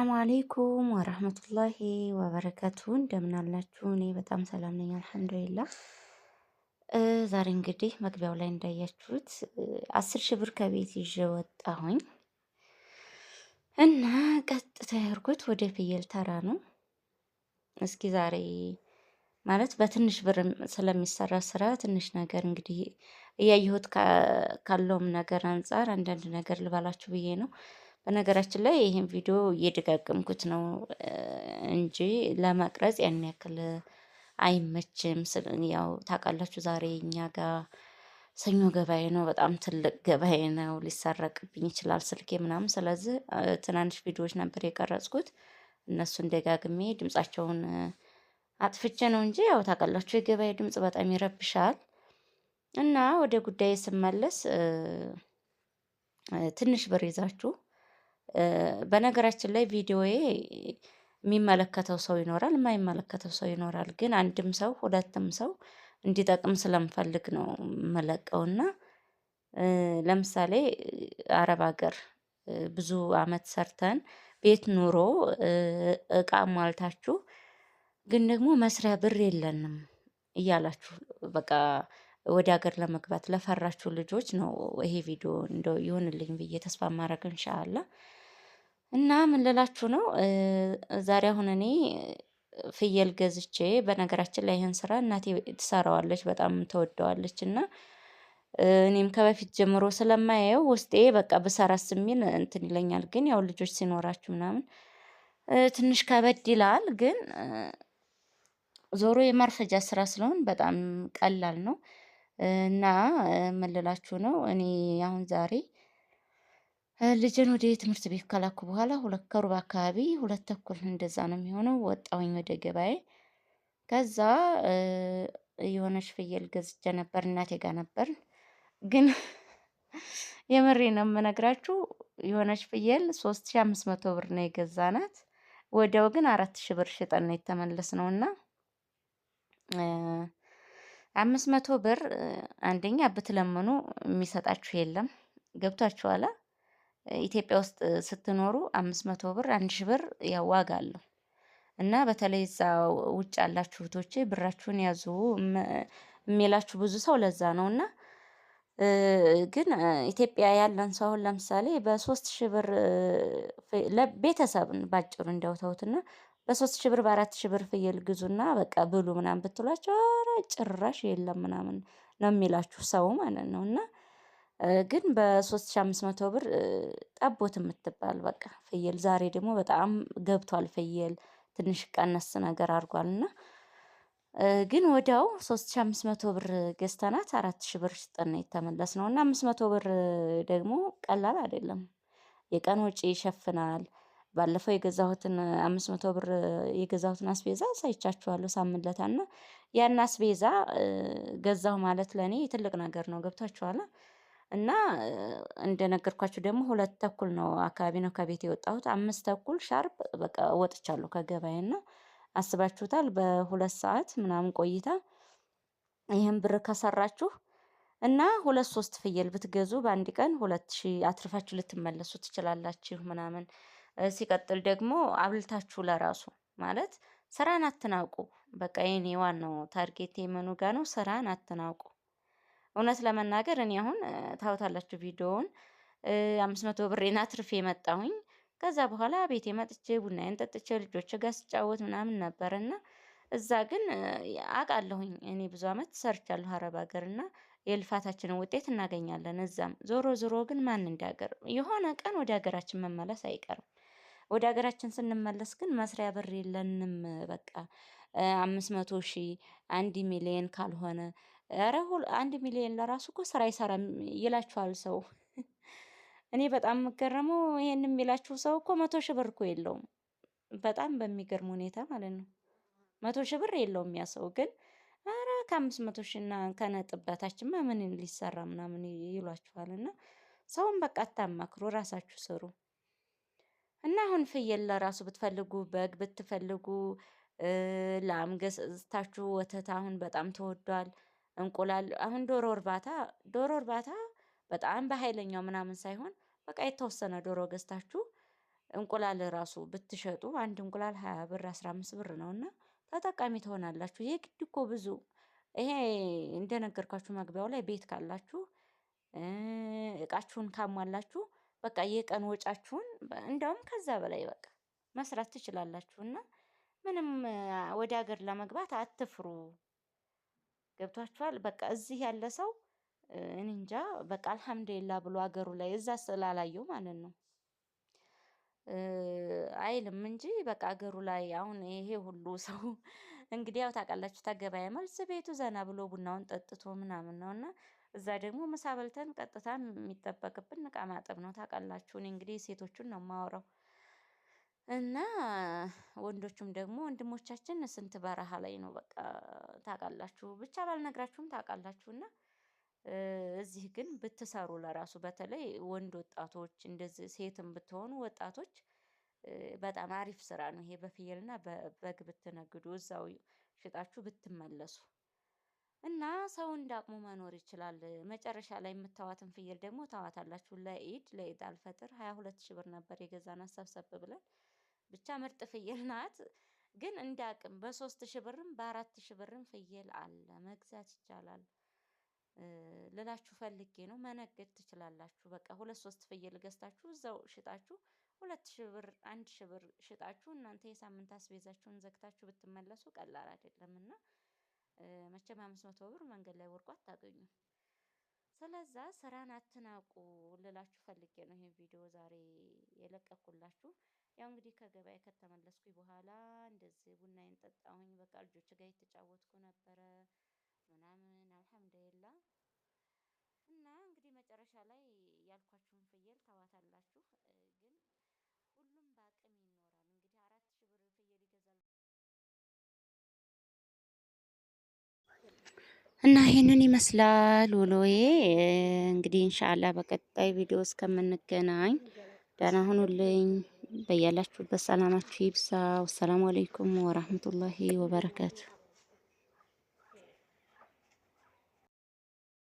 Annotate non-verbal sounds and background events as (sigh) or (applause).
ሰላም አለይኩም ወራህመቱላሂ ወበረከቱ እንደምን አላችሁ? እኔ በጣም ሰላም ነኝ አልሐምዱሊላህ። ዛሬ እንግዲህ መግቢያው ላይ እንዳያችሁት አስር ሺህ ብር ከቤት ይዤ ወጣሁኝ እና ቀጥታ ያርጉት ወደ ፍየል ተራ ነው። እስኪ ዛሬ ማለት በትንሽ ብር ስለሚሰራ ስራ ትንሽ ነገር እንግዲህ እያየሁት ካለውም ነገር አንጻር አንዳንድ ነገር ልባላችሁ ብዬ ነው። በነገራችን ላይ ይህን ቪዲዮ እየደጋገምኩት ነው እንጂ ለመቅረጽ ያን ያክል አይመችም። ያው ታውቃላችሁ፣ ዛሬ እኛ ጋር ሰኞ ገበያ ነው፣ በጣም ትልቅ ገበያ ነው። ሊሰረቅብኝ ይችላል ስልኬ ምናምን። ስለዚህ ትናንሽ ቪዲዮዎች ነበር የቀረጽኩት። እነሱን ደጋግሜ ድምጻቸውን አጥፍቼ ነው እንጂ ያው ታውቃላችሁ፣ የገበያ ድምጽ በጣም ይረብሻል። እና ወደ ጉዳይ ስመለስ ትንሽ ብር ይዛችሁ በነገራችን ላይ ቪዲዮዬ የሚመለከተው ሰው ይኖራል፣ የማይመለከተው ሰው ይኖራል። ግን አንድም ሰው ሁለትም ሰው እንዲጠቅም ስለምፈልግ ነው እና ለምሳሌ አረብ ሀገር ብዙ አመት ሰርተን ቤት ኑሮ እቃ ሟልታችሁ ግን ደግሞ መስሪያ ብር የለንም እያላችሁ በቃ ወደ ሀገር ለመግባት ለፈራችሁ ልጆች ነው ይሄ ቪዲዮ እንደው ይሆንልኝ ብዬ ተስፋ ማድረግ እንሻአላ እና ምን ልላችሁ ነው ዛሬ አሁን እኔ ፍየል ገዝቼ፣ በነገራችን ላይ ይህን ስራ እናቴ ትሰራዋለች፣ በጣም ተወደዋለች። እና እኔም ከበፊት ጀምሮ ስለማየው ውስጤ በቃ ብሰራስ የሚል እንትን ይለኛል። ግን ያው ልጆች ሲኖራችሁ ምናምን ትንሽ ከበድ ይላል። ግን ዞሮ የማርፈጃ ስራ ስለሆን በጣም ቀላል ነው። እና ምን ልላችሁ ነው እኔ አሁን ዛሬ ልጅን ወደ ትምህርት ቤት ከላኩ በኋላ ሁለት ከሩብ አካባቢ ሁለት ተኩል እንደዛ ነው የሚሆነው። ወጣውኝ ወደ ገበያ። ከዛ የሆነች ፍየል ገዝቼ ነበር፣ እናቴ ጋር ነበር። ግን (laughs) የምሬ ነው የምነግራችሁ የሆነች ፍየል ሶስት ሺ አምስት መቶ ብር ነው የገዛናት። ወዲያው ግን አራት ሺ ብር ሽጠን ነው የተመለስ ነው እና አምስት መቶ ብር አንደኛ ብትለምኑ የሚሰጣችሁ የለም። ገብቷችኋላ ኢትዮጵያ ውስጥ ስትኖሩ አምስት መቶ ብር አንድ ሺ ብር ያው ዋጋ አለው እና በተለይ እዛ ውጭ ያላችሁ እህቶቼ ብራችሁን ያዙ የሚላችሁ ብዙ ሰው ለዛ ነው እና ግን ኢትዮጵያ ያለን ሰው አሁን ለምሳሌ በሶስት ሺ ብር ቤተሰብን ባጭሩ እንዲያው በሶስት ሺ ብር በአራት ሺ ብር ፍየል ግዙና በቃ ብሉ ምናምን ብትሏቸው ኧረ ጭራሽ የለም ምናምን ነው የሚላችሁ ሰው ማለት ነው እና ግን በ3500 ብር ጠቦት የምትባል በቃ ፍየል ዛሬ ደግሞ በጣም ገብቷል። ፍየል ትንሽ ቀነስ ነገር አድርጓል እና ግን ወዲያው 3500 ብር ገዝተናት 4000 ብር ሽጠን ነው። እና 500 ብር ደግሞ ቀላል አይደለም። የቀን ወጪ ይሸፍናል። ባለፈው የገዛሁትን 500 ብር የገዛሁትን አስቤዛ ሳይቻችኋለሁ ሳምንለታ እና ያን አስቤዛ ገዛሁ ማለት ለኔ ትልቅ ነገር ነው። ገብታችኋላ። እና እንደነገርኳችሁ ደግሞ ሁለት ተኩል ነው አካባቢ ነው ከቤት የወጣሁት። አምስት ተኩል ሻርፕ በቃ ወጥቻለሁ ከገበያና አስባችሁታል። በሁለት ሰዓት ምናምን ቆይታ ይህን ብር ከሰራችሁ እና ሁለት ሶስት ፍየል ብትገዙ በአንድ ቀን ሁለት ሺ አትርፋችሁ ልትመለሱ ትችላላችሁ ምናምን። ሲቀጥል ደግሞ አብልታችሁ ለራሱ ማለት ስራን አትናውቁ። በቃ የኔ ዋናው ታርጌት የመኑ ጋ ነው። ስራን አትናውቁ። እውነት ለመናገር እኔ አሁን ታውታላችሁ ቪዲዮውን አምስት መቶ ብሬና ትርፌ የመጣሁኝ ከዛ በኋላ ቤቴ መጥቼ ቡናዬን ጠጥቼ ልጆች ጋር ስጫወት ምናምን ነበር እና እዛ ግን አውቃለሁኝ እኔ ብዙ ዓመት ሰርቻለሁ አረብ ሀገር እና የልፋታችንን ውጤት እናገኛለን። እዛም ዞሮ ዞሮ ግን ማን እንዲያገር የሆነ ቀን ወደ ሀገራችን መመለስ አይቀርም። ወደ ሀገራችን ስንመለስ ግን መስሪያ ብር የለንም። በቃ አምስት መቶ ሺህ አንድ ሚሊየን ካልሆነ ኧረ አንድ ሚሊየን ለራሱ እኮ ስራ አይሰራም ይላችኋል ሰው። እኔ በጣም የምገረመው ይሄን የሚላችሁ ሰው እኮ መቶ ሺህ ብር እኮ የለውም። በጣም በሚገርም ሁኔታ ማለት ነው። መቶ ሺህ ብር የለውም ያ ሰው ግን ኧረ ከአምስት መቶ ሺና ከነጥብ በታችማ ምን ሊሰራ ምናምን ይሏችኋል። እና ሰውን በቃ አታማክሩ፣ ራሳችሁ ስሩ። እና አሁን ፍየል ለራሱ ብትፈልጉ በግ ብትፈልጉ ላም ገዝታችሁ ወተት አሁን በጣም ተወዷል። እንቁላል አሁን ዶሮ እርባታ ዶሮ እርባታ በጣም በሀይለኛው ምናምን ሳይሆን በቃ የተወሰነ ዶሮ ገዝታችሁ እንቁላል ራሱ ብትሸጡ አንድ እንቁላል ሀያ ብር አስራ አምስት ብር እና ተጠቃሚ ትሆናላችሁ። ይሄ ግድ እኮ ብዙ ይሄ እንደነገርኳችሁ መግቢያው ላይ ቤት ካላችሁ እቃችሁን ካሟላችሁ በቃ የቀን ወጫችሁን እንደውም ከዛ በላይ በቃ መስራት ትችላላችሁ እና ምንም ወደ ሀገር ለመግባት አትፍሩ። ገብቷችኋል? በቃ እዚህ ያለ ሰው እኔ እንጃ በቃ አልሐምዱሊላ ብሎ ሀገሩ ላይ እዛ ስላላየው ማለት ነው አይልም እንጂ በቃ ሀገሩ ላይ አሁን ይሄ ሁሉ ሰው እንግዲህ ያው ታውቃላችሁ፣ ተገበያ መልስ ቤቱ ዘና ብሎ ቡናውን ጠጥቶ ምናምን ነው እና እዛ ደግሞ ምሳ በልተን ቀጥታ የሚጠበቅብን እቃ ማጠብ ነው። ታውቃላችሁ እኔ እንግዲህ ሴቶቹን ነው የማወራው። እና ወንዶቹም ደግሞ ወንድሞቻችን ስንት በረሃ ላይ ነው በቃ ታውቃላችሁ ብቻ ባልነግራችሁም ታውቃላችሁ። እና እዚህ ግን ብትሰሩ ለራሱ በተለይ ወንድ ወጣቶች እንደዚህ ሴትም ብትሆኑ ወጣቶች በጣም አሪፍ ስራ ነው። ይሄ በፍየልና በበግ ብትነግዱ እዛው ሽጣችሁ ብትመለሱ እና ሰው እንዳቅሙ መኖር ይችላል። መጨረሻ ላይ የምታዋትን ፍየል ደግሞ ታዋታላችሁ። ለኢድ ለኢድ አልፈጥር ሀያ ሁለት ሺ ብር ነበር የገዛን ሰብሰብ ብለን ብቻ ምርጥ ፍየል ናት። ግን እንዳቅም በሶስት ሺህ ብርም በአራት ሺ ብርም ፍየል አለ መግዛት ይቻላል ልላችሁ ፈልጌ ነው። መነገድ ትችላላችሁ። በቃ ሁለት ሶስት ፍየል ገዝታችሁ እዛው ሽጣችሁ ሁለት ሺህ ብር አንድ ሺህ ብር ሽጣችሁ እናንተ የሳምንት አስቤዛችሁን ዘግታችሁ ብትመለሱ ቀላል አይደለም እና መቼም አምስት መቶ ብር መንገድ ላይ ወርቆ አታገኙም። ስለዛ ስራን አትናቁ ልላችሁ ፈልጌ ነው ይሄን ቪዲዮ ዛሬ የለቀኩላችሁ። ያው እንግዲህ ከገበያ ከተመለስኩኝ በኋላ እንደዚህ ቡና ጠጣሁኝ። በቃ ልጆች ጋር የተጫወትኩ ነበረ ምናምን አልሐምዱሊላ። እና እንግዲህ መጨረሻ ላይ ያልኳችሁን ፍየል ታዋታላችሁ ግን እና ይሄንን ይመስላል ውሎዬ። እንግዲህ እንሻላ በቀጣይ ቪዲዮ እስከምንገናኝ ደህና ሁኑልኝ። በያላችሁበት ሰላማችሁ ይብዛ። ወሰላሙ አለይኩም ወራህመቱላሂ ወበረከቱ